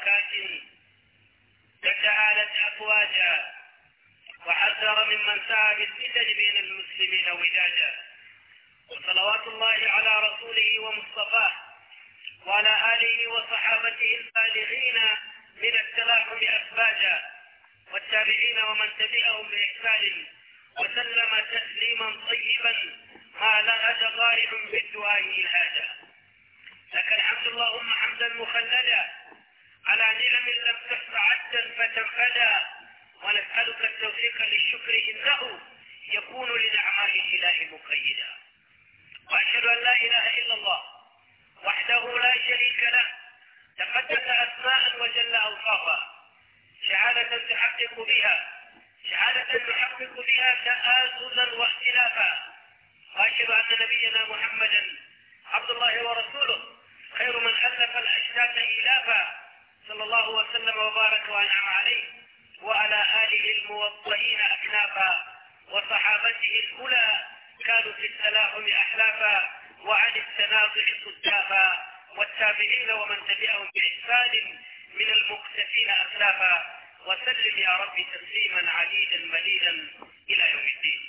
بركاته وتعالت أفواجا وحذر ممن سعى بالفتن بين المسلمين وداجا وصلوات الله على رسوله ومصطفاه وعلى آله وصحابته البالغين من التلاحم أسباجا والتابعين ومن تبعهم بإحسان وسلم تسليما طيبا ما لهج ضارع بالدعاء الهاجا لك الحمد اللهم حمدا مخلدا على نعم لم تحظ عدا فتنفدى ونسألك التوفيق للشكر إنه يكون لنعماء الإله مقيدا وأشهد أن لا إله إلا الله وحده لا شريك له تقدس أسماء وجل أوصافا شهادة تحقق بها شهادة تحقق بها تآززا واختلافا وأشهد أن نبينا محمدا عبد الله ورسوله خير من ألف الأشداد إلافا صلى الله وسلم وبارك وأنعم عليه وعلى آله الموطئين أكنافا وصحابته الأولى كانوا في التلاحم أحلافا وعن التنازع كتابا والتابعين ومن تبعهم بإحسان من المقتفين أخلافا وسلم يا رب تسليما عديدا مديدا إلى يوم الدين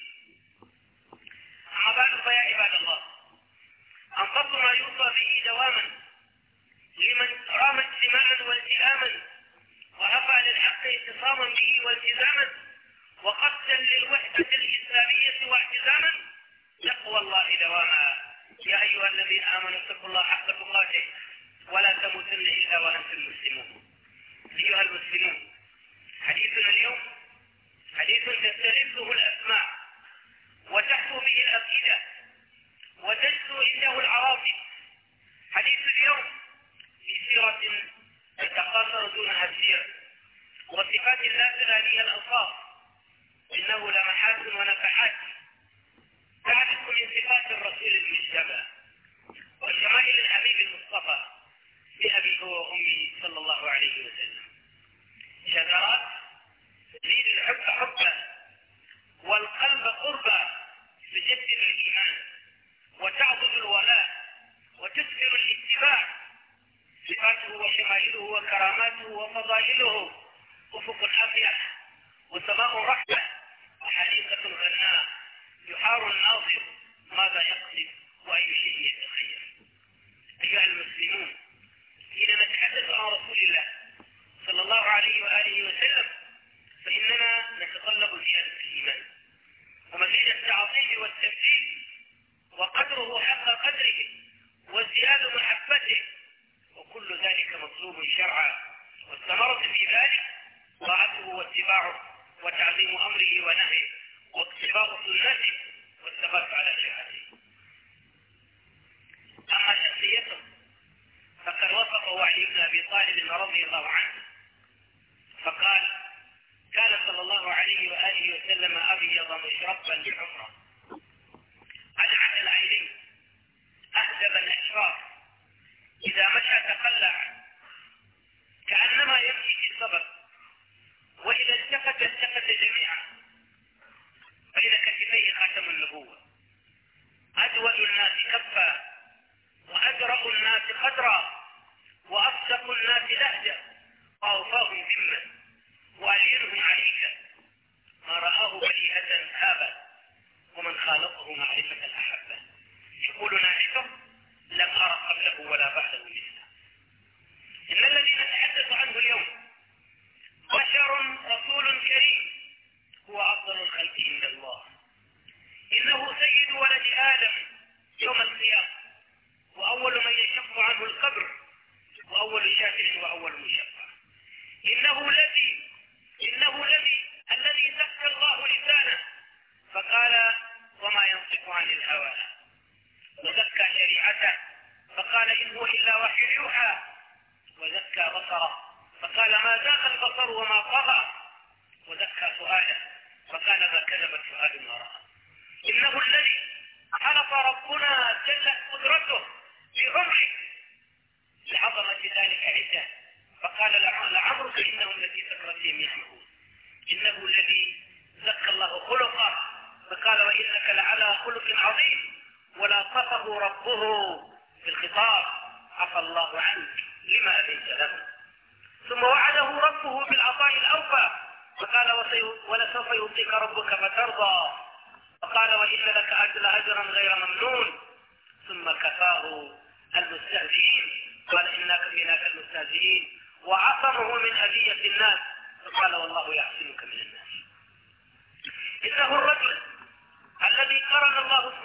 أما بعد فيا عباد الله أنفض ما يوصى به دواما لمن قام اجتماعا والتئاما ورفع للحق اتصاما به والتزاما وقصدا للوحدة الإسلامية واعتزاما تقوى الله دواما يا أيها الذين آمنوا اتقوا الله حق تقاته ولا تموتن إلا وأنتم مسلمون في أيها المسلمون حينما نتحدث عن رسول الله صلى الله عليه وآله وسلم فإننا نتطلب زيادة الإيمان ومزيد التعظيم والتمجيد وقدره حق قدره وازدياد محبته وكل ذلك مطلوب شرعا والثمرة في ذلك طاعته واتباعه وتعظيم أمره ونهيه واقتباء سنته والثبات على شهادته أما شخصيته فقد وصفه علي بن أبي طالب رضي الله عنه فقال كان صلى الله عليه وآله وسلم أبيض مشربا لحمرة ألعن العينين أهدب الأشرار إذا مشى تقلع كأنما يمشي في الصبر وإذا التفت التفت جميعا بين كتفيه خاتم النبوة أدول الناس كفا أجرأ الناس قدرا وأصدق الناس لهجة وأوفاهم همة وألينهم عليك ما رآه بليهة هابة ومن خالطه معرفة أحبه يقول ناعفة لم أرى قبله ولا بعده مثله إن الذي نتحدث عنه اليوم بشر رسول كريم هو أفضل الخلق عند الله إنه سيد ولد آدم يوم القيامة وأول من يشق عنه القبر وأول شافع وأول مشفع إنه الذي إنه الذي الذي سكت الله لسانه فقال وما ينطق عن الهوى وزكى شريعته فقال إن هو إلا وحي يوحى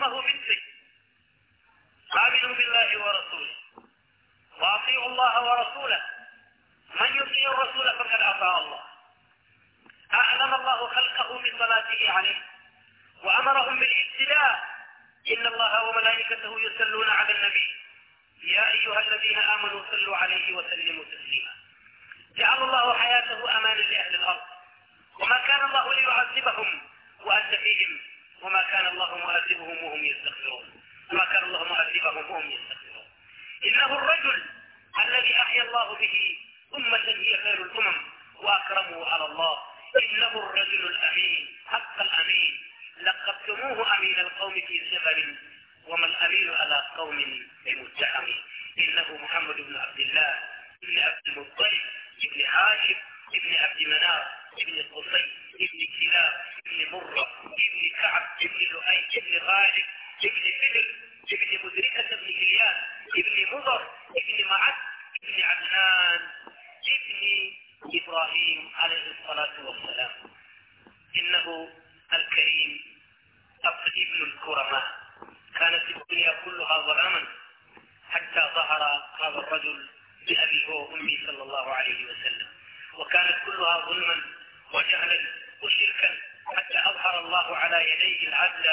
الله مثلي آمنوا بالله ورسوله وأطيعوا الله ورسوله من يطيع الرسول فقد أطاع الله أعلم الله خلقه من صلاته عليه وأمرهم بالابتلاء إن الله وملائكته يصلون على النبي يا أيها الذين آمنوا صلوا عليه وسلموا تسليما جعل الله حياته أمانا لأهل الأرض وما كان الله ليعذبهم وأنت فيهم وما كان الله معذبهم وهم يستغفرون وما كان الله معذبهم وهم يستغفرون إنه الرجل الذي أحيا الله به أمة هي خير الأمم وأكرمه على الله إنه الرجل الأمين حق الأمين لقبتموه أمين القوم في سفر وما الأمين على قوم بمتهم إنه محمد بن عبد الله بن عبد المطلب بن هاشم ابن عبد مناف ابن قصي ابن كلاب ابن مرة ابن كعب ابن لؤي ابن غالب ابن فدر ابن مدركة بن إلياس ابن مضر ابن معد ابن عدنان ابن إبراهيم عليه الصلاة والسلام إنه الكريم ابن الكرماء كانت الدنيا كلها ظلاما حتى ظهر هذا الرجل بأبيه وأمي صلى الله عليه وسلم وكانت كلها ظلما وجهلا وشركا حتى أظهر الله على يديه العدل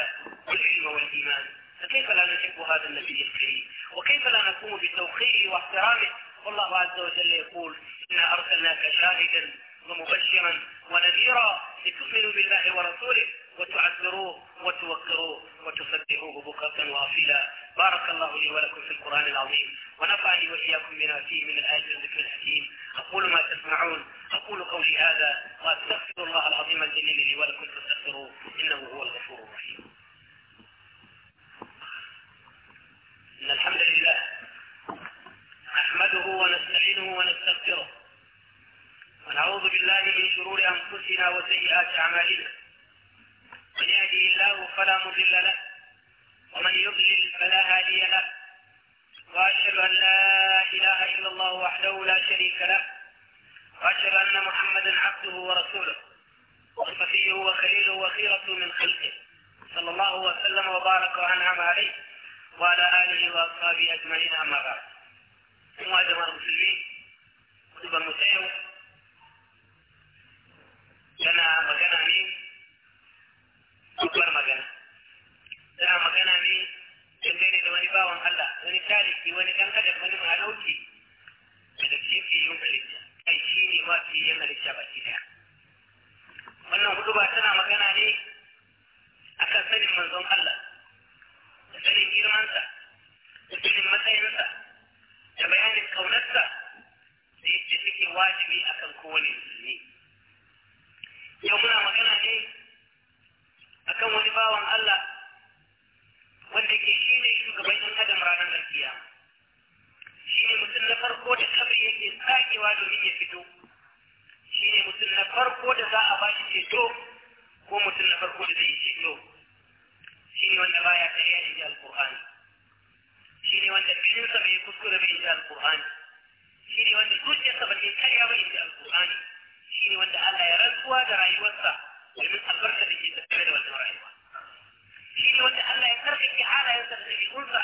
والعلم والإيمان فكيف لا نحب هذا النبي الكريم وكيف لا نقوم بتوقيره واحترامه والله عز وجل يقول إنا أرسلناك شاهدا ومبشرا ونذيرا لتؤمنوا بالله ورسوله وتعذروه وتوقروه وتسبحوه بكرة وأصيلا بارك الله لي ولكم في القرآن العظيم ونفعني وإياكم بما فيه من الآية والذكر الحكيم أقول ما تسمعون أقول قولي هذا وأستغفر الله العظيم الجليل لي ولكم فاستغفروه إنه هو الغفور الرحيم إن الحمد لله نحمده ونستعينه ونستغفره ونعوذ بالله من شرور أنفسنا وسيئات أعمالنا من يهدي الله فلا مضل له ومن يضلل فلا هادي له وأشهد أن لا إله إلا الله وحده لا شريك له وأشهد أن محمدا عبده ورسوله وصفيه وخليله وخيرته من خلقه صلى الله وسلم وبارك وأنعم عليه وعلى آله وأصحابه أجمعين أما بعد ثم أجمع المسلمين كتب المسلمين لنا مكان أمين shi ne wanda zuciyarsa ba ta karya ba inda alƙur'ani shi wanda Allah ya rantsuwa da rayuwarsa domin albarka da ke tattare da wannan rayuwa shi wanda Allah ya tsarkake halayensa da ɗabi'unsa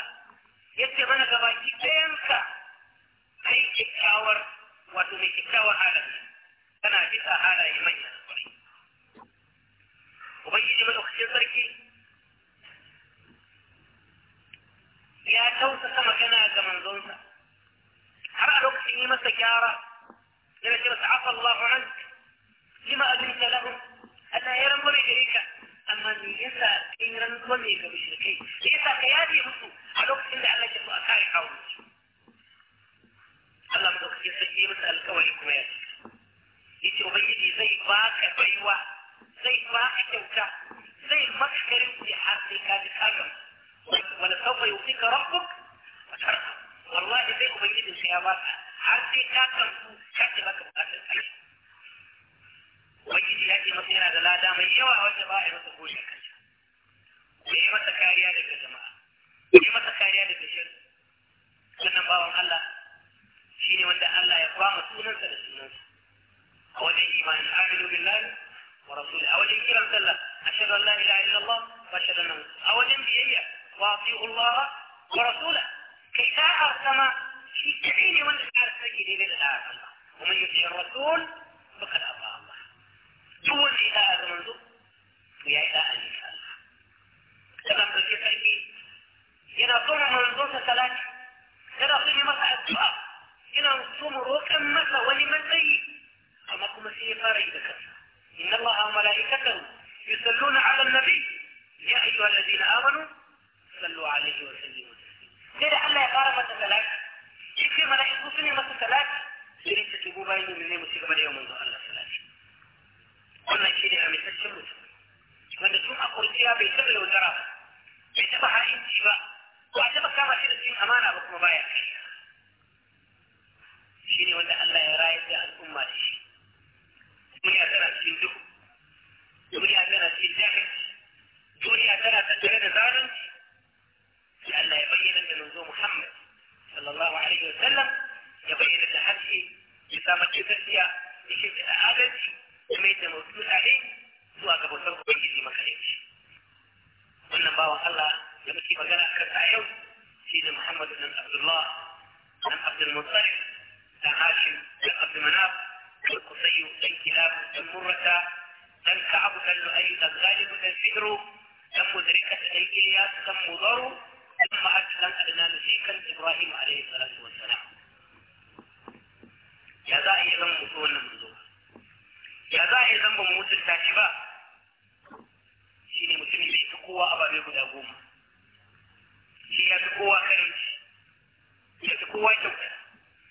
yadda mana gabaki ɗayansa a kyakkyawar wato mai kyakkyawar halaye tana bisa halaye manya ubangiji madaukakin sarki ya tausasa magana ga manzonsa حرق لك إني ما سكارة لذلك بس عفى الله عنك لما اذنت له أنا يرم إليك أما يسا إن رم وليك بشركي يسا قيادي يمسو حرق إني على جمع أكاي حاول الله بدك يسا إني ما سألك وليك ويأتي يتي أبيدي زي باك بيوة زي باك توكا زي مكتر في حرقك wasa har sai ka kanku ka ce maka bukatar kai ubangiji ya ce masa yana da lada mai yawa wanda ba a yi masa goshin kansa da yi masa kariya daga jama'a da yi masa kariya daga shirin sannan bawan Allah shi ne wanda Allah ya kwama sunansa da sunansa a wajen imanin amilu billahi wa rasuli a wajen kiran sallah ashhadu an la ilaha illallah wa ashhadu anna a wajen biyayya wa ati'u Allah wa rasula kai ta'a sama مما ليس كذا إن الله وملائكته يصلون على النبي يا أيها الذين آمنوا صلوا عليه وسلموا sai da Allah ya fara masa talaki shi kai mala'iku su ne masa talaki sai dai su tubu bayan yin ne musu gaba da yawan manzo Allah salati wannan shi ne amintaccen mutum wanda tun a kurciya bai taɓa yaudara ba bai taɓa ha'inci ba ba a taɓa kama shi da cikin amana ba kuma baya shi ne wanda Allah ya rayar da al'umma da shi duniya tana cikin duhu duniya tana cikin jahilci duniya tana tattare da zalunci sai Allah ya bayyana da manzo Muhammad sallallahu alaihi wa sallam ya bayyana da haske ya samu gaskiya ya shirya da adalci ya mai da mutu tare zuwa ga bautar ubangiji makarici wannan bawan Allah da muke magana a kansa yau shi da Muhammad bin Abdullah dan Abdul Muttalib dan Hashim dan Abdul Manaf القصي بن كلاب بن مرة بن كعب بن لؤي بن غالب بن سدر بن مدركة بن إلياس بن مضر بن معد بن أدنان سيكا إبراهيم عليه الصلاة والسلام ya za a yi zan mutu wannan manzo ya za a yi zan ban mutunta shi ba shi ne mutumin da ya fi kowa ababe guda goma shi ya fi kowa karanci ya fi kowa kyauta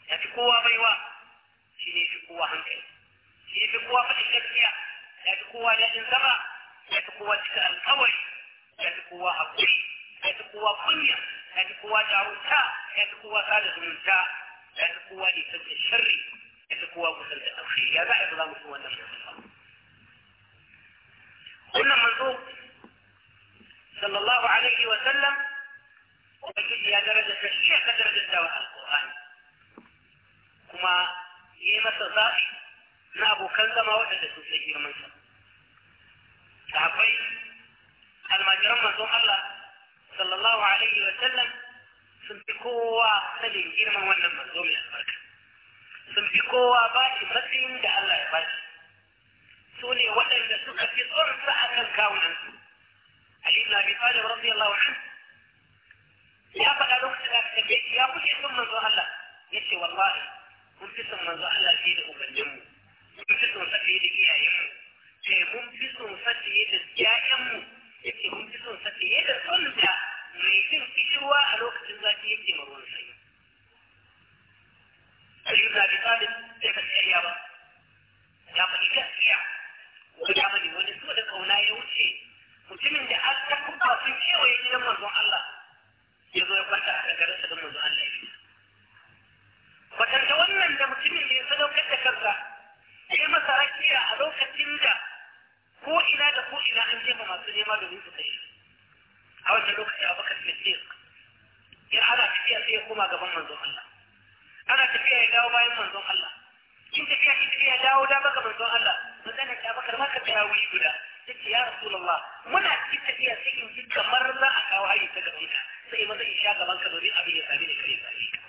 ya fi kowa baiwa shi ne fi kowa hankali shi fi kowa faɗin gaskiya ya fi kowa daɗin zama ya fi kowa cika alkawari ya fi kowa haƙuri ya fi kowa kunya ya fi kowa jarumta ya fi kowa sada zumunta ya fi kowa nisan da sharri ya fi kowa kusan da alkhairi ya za a yi za mu fi wannan wannan manzo sallallahu alaihi wa sallam ubangiji ya daraja ta shi ya daraja ta wa alƙur'ani kuma ya yi masa zaɓi na abokan zama waɗanda sun sai girmansa sahabbai almajiran manzon Allah sallallahu alaihi wa sallam sun fi kowa sanin girman wannan manzo mai albarka sun fi kowa ba shi matsayin da Allah ya ba shi su ne waɗanda suka fi tsorsa a kan kawunansu Ali ibn Abi Talib radiyallahu anhu ya faɗa lokacin da ya fice sun manzo Allah yace wallahi mun fi son manzo Allah fiye da ubanninmu mun fi son sa fiye da iyayenmu sai mun fi son sa fiye da ƴaƴanmu yake mun fi son sa fiye da son da mai jin kishirwa a lokacin zafi yake ma ruwan sanyi Aliyu na bi talib sai ka tsaya ba ya faɗi gaskiya ko ya faɗi wani so da kauna ya wuce mutumin da an ta kuka sun kewaye gidan manzon Allah ya zo ya kwanta a kankarinsa da manzon Allah ya fi kwatanta wannan da mutumin da ya sadaukar da kansa ya masa rakiya a lokacin da ko ina da ko ina an jefa masu nema domin su tafi a wancan lokaci abubakar siddiq ya ana tafiya sai ya koma gaban manzon Allah ana tafiya ya dawo bayan manzon Allah in tafiya shi tafiya dawo da baka manzon Allah manzon ta bakar ma ka tsaya wuri guda take ya rasulullah muna cikin tafiya sai in ji kamar za a kawo ayi ta gaban ka sai maza in sha gaban ka domin abin ya sami da kare kare ka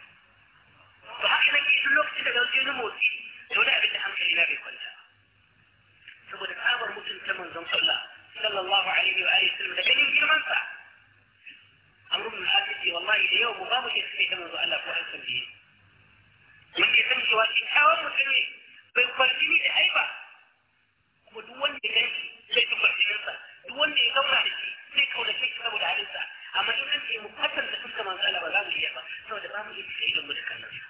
haka nake duk lokacin da gaske na motsi to da abin da hankali na bai kwanta saboda tsabar mutunta manzon Allah sallallahu alaihi wa alihi wasallam da ganin girman sa amru bin hafiz wallahi da yau ba mu ke sai da manzon Allah ko an san biye mun ke san cewa shi kawai mutum ne bai kwarjini da aiba kuma duk wanda ya ganki zai fi kwarjininsa duk wanda ya gauna da shi zai kaunace shi saboda halinsa amma in an ce mu kwatanta fuskar manzon Allah ba za mu iya ba saboda ba mu iya sai da mu da kallon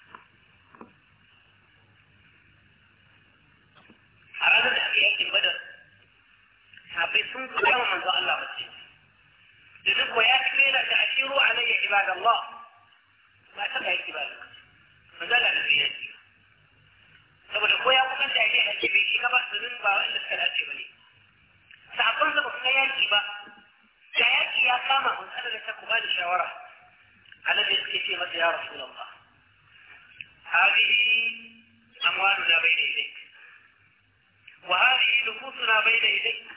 sahabbai sun faɗa wa manzo Allah bace da duk ya ce la ta'shiru alayya ibadallah ba ta ga ibada manzo Allah da ya ce saboda ko ya kusan da ya ce bai shiga ba sunan ba wanda suka dace bane sahabban da ba su yaki ba da yaki ya kama mun tsara da ta kuma da shawara alladhi yake ce masa ya rasulullah هذه أموالنا بين يديك وهذه نفوسنا بين يديك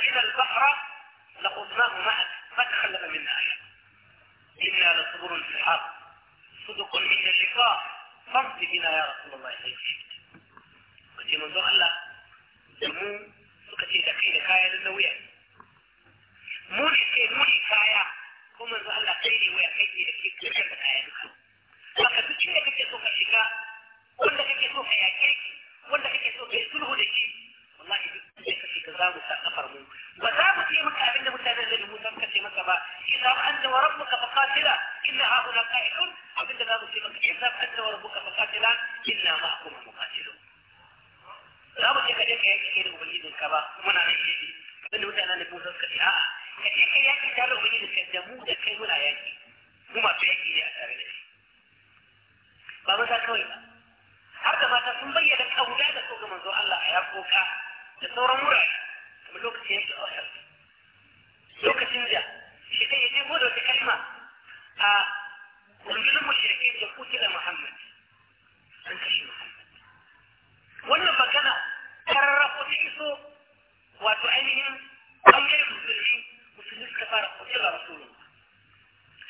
بنا البحر لقضناه معك ما تخلف منا احد انا لصبر في الحرب صدق منا شقاء فامض بنا يا رسول الله صلى الله عليه وسلم قلت له الله دمو سكت دقيقة كاية للنوية موني كي موني كاية قم انزو الله قيل ويحيد لي لكي تركب الآية نخل فقد تشوية كيف تصوف الشقاء ولا كي تصوف حياتك ولا كي تصوف يسوله لكي والله duk kace ka zamu ta kafar mu ba za mu ce maka abinda mutane da mu san kace maka ba idan anta wa rabbuka faqatila inna haula qa'idun abinda za mu ce maka idan anta wa rabbuka faqatila inna ma'akum muqatilun za mu ce ka je ka yake kai da ubangijin ka ba muna nan yake abinda mutane da mu san kace a'a ka je ka yake tare da ubangijin ka da mu da kai muna yaki mu masu yaki ne a tare da shi ba maza kawai ba har da mata sun bayyana kauna da so ga manzo Allah a yakoka da sauran wurare kamar lokacin yanki a lokacin da shi kai ya jebo da wata kalma a rundunar mashirkin da kutila muhammad an kashe muhammad wannan magana kararrafo ta iso wato ainihin ɓangaren musulmi musulmi suka fara kutila rasulun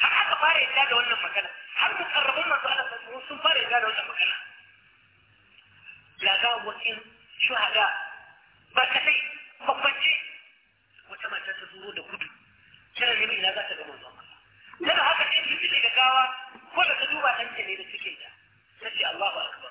har aka fara yadda da wannan magana har mukarrabin masu ala sun fara yadda da wannan magana ga gawakin shuhada ba kadai makwance wata mata ta zuro da gudu tana neman ina za ta ga manzon Allah tana haka sai ta da gawa ko da ta duba ɗanta ne da suke ta sai Allahu akbar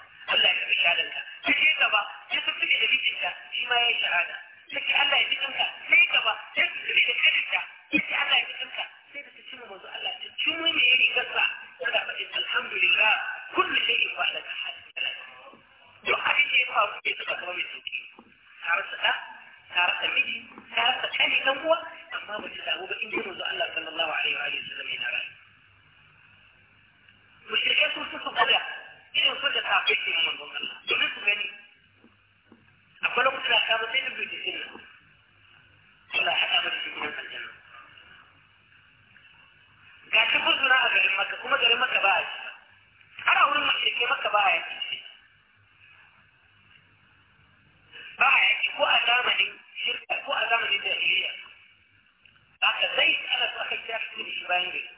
बताएंगे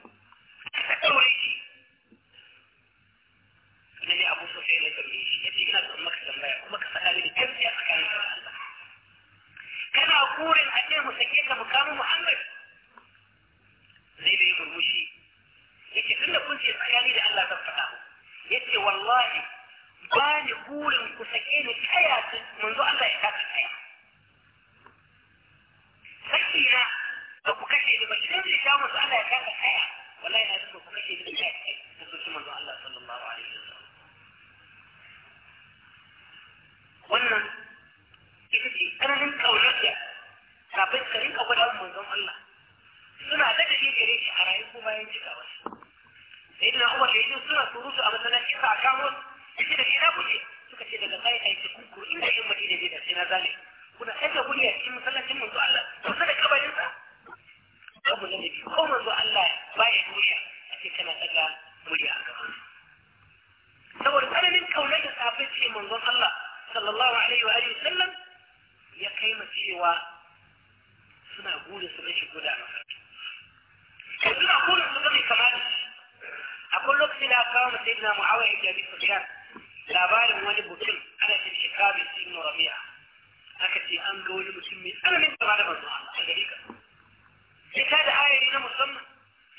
ina zane kuna ɗaga murya cikin masallacin manzo Allah kusa da kabarinsa abu na nabi ko manzo Allah baya duniya a ce kana ɗaga murya a gaban saboda tsananin kaunar da sahabbai ce manzon Allah sallallahu alaihi wa alihi sallam ya kai ma cewa suna gudun su rashin guda a mafarki kai suna gudun su ga mai kama da shi a kullum sai da kawo mu sayyidina mu'awiya ibn abi sufyan labarin wani mutum ga wani mutum mai tsananin kama da manzo Allah a gare ka ya ta da ayari na musamman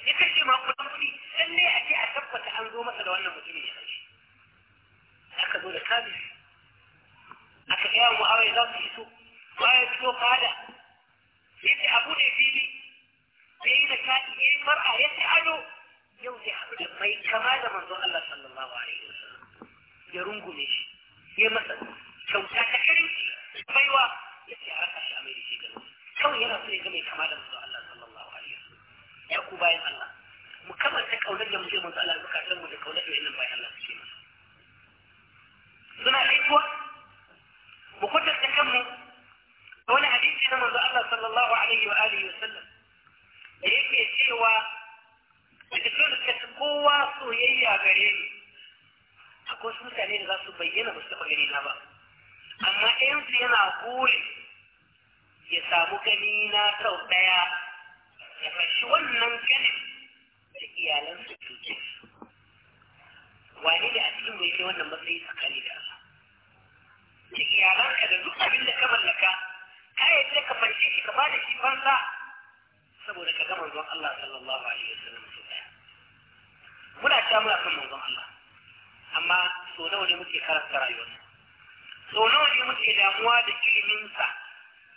ya kashe ma kuɗin kuɗi lalle a ce a tabbata an zo masa da wannan mutumin ya kashe aka zo da kabis aka gaya mu awai za su iso bayan fito fada ya ce abu ne fili ya yi da kaɗi ya yi mar'a ya ce ado yau zai haɗu da mai kama da manzo Allah sallallahu alaihi wasallam ya rungume shi ya masa yana so ya gama kama da manzo Allah sallallahu alaihi wasallam ya ku bayan Allah mu kama ta kaunar da muke manzo Allah zakatan mu da kaunar da wannan bayan Allah suke masa suna aikuwa mu kwatanta kanmu da wani hadisi na manzo Allah sallallahu alaihi wa alihi wasallam da yake cewa daga cikin da kowa soyayya gare ni akwai wasu mutane da za su bayyana ba su taɓa gani na ba amma ɗayansu yana gole ya samu gani na sau ɗaya ya fashi wannan ganin da iyalansu cuce Wani ne a cikin mai ke wannan matsayi tsakani da Allah da iyalanka da duk abin da ka mallaka ka da ka fashe shi ka bada shi fansa saboda ka gama zuwa Allah sallallahu alaihi wasallam su daya muna ta muna kan manzon Allah amma so nawa ne muke karanta rayuwarsa so nawa ne muke damuwa da iliminsa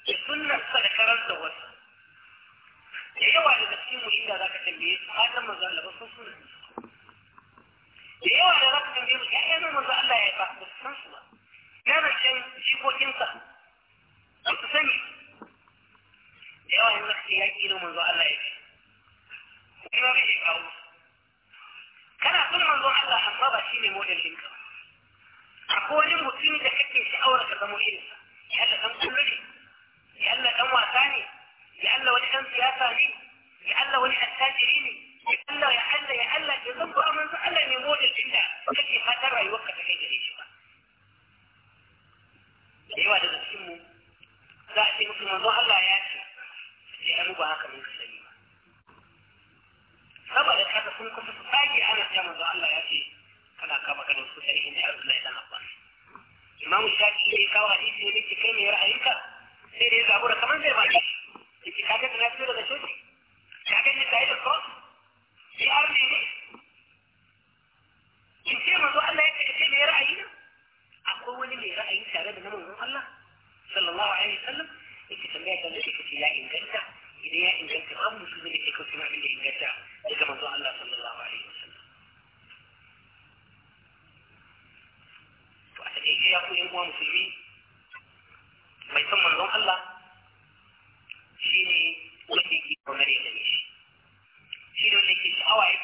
da sunnarsa da karanta wasu da yawa daga cikin mu inda za ka tambaye su matan manzo Allah ba sun sunna da yawa da za ka tambaye su ƴaƴan manzo Allah ya yi ba su san su ba ya zancen jikokinsa ba su sani da yawa yanzu ka ce ya ƙi manzo Allah ya ce kuma ba shi kawo kana son manzo Allah amma ba shi ne modelin ka akwai wani mutum da kake sha'awar ka zama irinsa ya da ɗan kullum لألا كان واساني لألا ولي كان سياساني لألا ولي التاجريني لألا يا ألا يا ألا يذنب أمن ألا يموت الجنة وكذي خاتر يوقف في جريش أيوة هذا تسمو ذاتي مثل من ظهر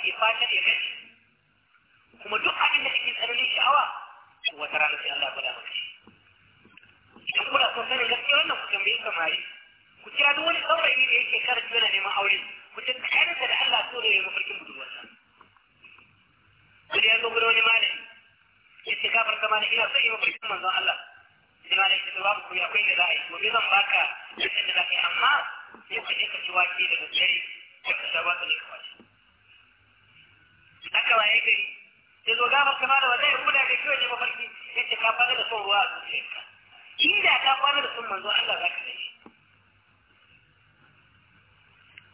ke fashar ya gaji kuma duk abin da kake tsananin sha'awa wata rana sai Allah gwada maka shi idan kuna son sanin gaskiya wannan ku tambayi samari ku kira duk wani saurayi da yake karatu yana neman aure ku tattalinsa da Allah so da ya mafarkin budurwarsa wani ya zo gudu wani malami ya ce kafar zama da ina son yi mafarkin manzon Allah sai malami ya ce babu ku akwai da za a yi gobe zan baka yadda da za ka yi amma sai ka je ka ci wake da daddare ka ta ba ka ne ka wace aka waye gari ya zo gama kama da wazai kuna da kyau ne mafarki ya ce ka fara da son ruwa a zuciyarka inda ka fara da son manzo Allah za ka gani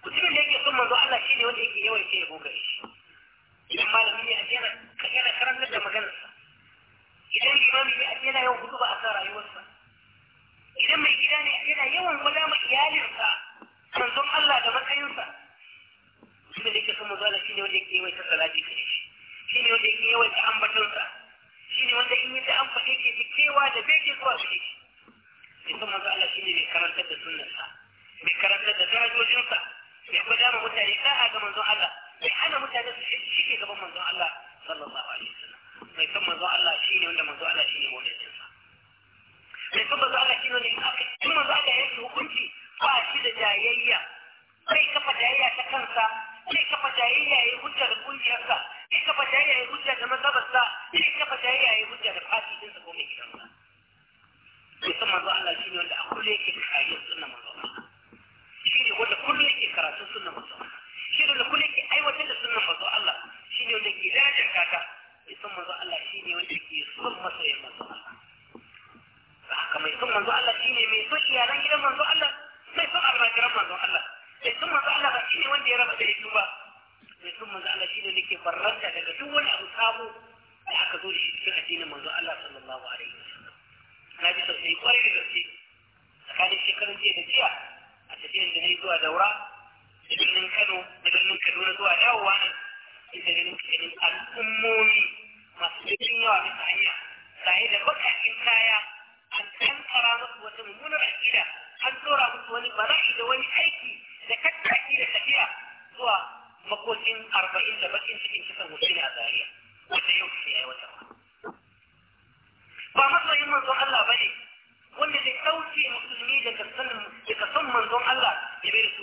mutumin da yake son manzo Allah shi ne wanda yake yawan ce ya gogare shi idan malami ne a yana karantar da maganarsa idan limami ne a yana yawan hudu ba a sa rayuwarsa idan mai gida ne yana yawan gwada ma iyalinsa manzon Allah da matsayinsa mutumin da yake son manzo Allah shine wanda yake yawaita salati gare shi shine wanda yake yawaita ambaton sa shine wanda in yi ta ambace ke ji kewa da bai ke zuwa gare shi sai kuma manzo Allah shine mai karantar da sunnar sa mai karantar da tarajojin sa mai gwada ma mutane da'a ga manzo Allah mai hana mutane su shige gaban manzo Allah sallallahu alaihi wasallam mai san manzo Allah shine wanda manzo Allah shine maulidin sa mai san manzo Allah shine wanda in aka in manzo Allah ya yi hukunci ba shi da jayayya sai kafa jayayya ta kansa zai kafa jayayya ya yi hujja da kungiyarsa zai kafa jayayya ya yi hujja da mazhabarsa zai kafa jayayya ya yi hujja da fati din sa ko mai gidansa sai san manzo Allah shine wanda a kullum yake kariyar sunnar manzo Allah shine wanda kullum yake karatun sunnar manzo Allah shine wanda kullum yake aiwatar da sunnar manzo Allah shine wanda ke dajin kaka mai san manzo Allah shine wanda ke son masoyin manzo Allah haka mai son manzo Allah shine mai son iyalan gidan manzo Allah mai son almajiran manzo Allah bai sun manzo Allah ba shi ne wanda ya raba da yanzu ba bai sun manzo Allah shi ne da ke barranta daga duk wani abu sabo da aka zo da shi cikin addinin manzo Allah sallallahu alaihi wasallam na ji sosai kwarai da gaske tsakanin shekarun jiya da jiya a tafiyar da na yi zuwa daura da birnin Kano da birnin Kaduna zuwa dawowa inda ganin ganin al'ummomi masu jirgin yawa bisa hanya tare da bakakin kaya an kankara musu wata mummunar aƙida an tsora musu wani bala'i da wani aiki da kakka ki da tafiya zuwa makocin arba'in da bakin cikin kisan hussein a zariya wata yau ke aiwatar ba matsayin manzon Allah ba ne wanda zai ɗauke musulmi daga sanin daga son manzon Allah ya bai da su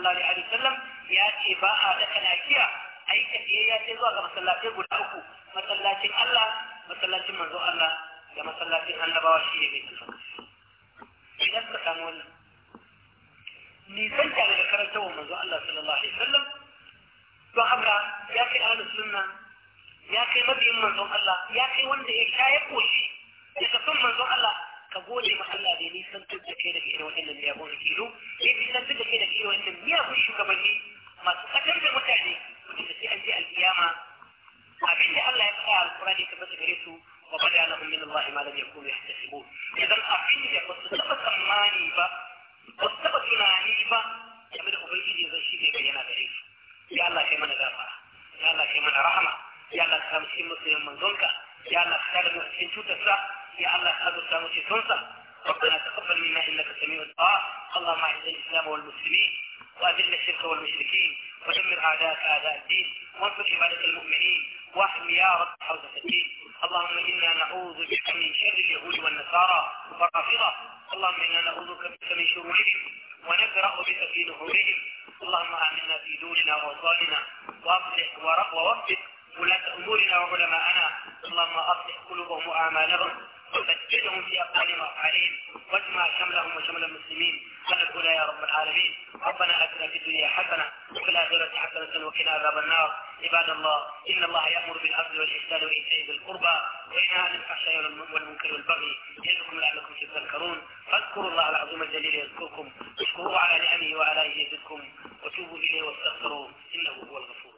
sallallahu alaihi wasallam ya ce ba a daka nakiya aikin da ya ce zuwa ga masallaci guda uku masallacin Allah masallacin manzo Allah da masallacin annabawa shi ne mai tufa idan ka samu wannan nisanta daga karantar wa manzo Allah sallallahu alaihi wasallam to don haka ya kai ahlus sunna ya kai mabiyin manzon Allah ya kai wanda ya shayar koshi ya kafin manzon Allah ka gode ma Allah da ni san da kai daga irin wannan miyagun kilo sai ni san da kai daga irin wannan miyagun shugabanni masu sakar da mutane wanda sai an je alkiyama abin da Allah ya faɗa a alkurani ta bata gare su wa bada lahum min Allah ma lam yakunu yahtasibun idan abin da ba su taɓa tsammani ba ba su taɓa tunani ba game da ubangiji zai shi ne bayyana gare su ya Allah kai mana gafara ya Allah kai mana rahama ya Allah ka samu cikin masoyan manzonka ya Allah ka tare mu cikin cutarsa يا الله هذا السلام في تنصر ربنا تقبل منا إنك سميع الدعاء اللهم أعز الإسلام والمسلمين وأذل الشرك والمشركين ودمر أعداءك أعداء الدين وانصر عبادة المؤمنين واحم يا رب حوزة الدين اللهم إنا نعوذ بك من شر اليهود والنصارى والرافضة اللهم إنا نعوذ بك من شرورهم ونقرأ بك في نحورهم اللهم آمنا في دوننا وأوطاننا وأصلح ووفق ولاة أمورنا وعلماءنا اللهم أصلح قلوبهم وأعمالهم ومجدهم في اقوال وأفعالهم واجمع شملهم وشمل المسلمين على يا رب العالمين ربنا أتنا في الدنيا حسنة وفي الآخرة حسنة وقنا عذاب النار عباد الله إن الله يأمر بالعدل والإحسان وإيتاء ذي القربى وينهى عن الفحشاء والمنكر والبغي يعظكم لعلكم تذكرون فاذكروا الله العظيم الجليل يذكركم واشكروه على نعمه وعلى يزدكم وتوبوا إليه واستغفروه إنه هو الغفور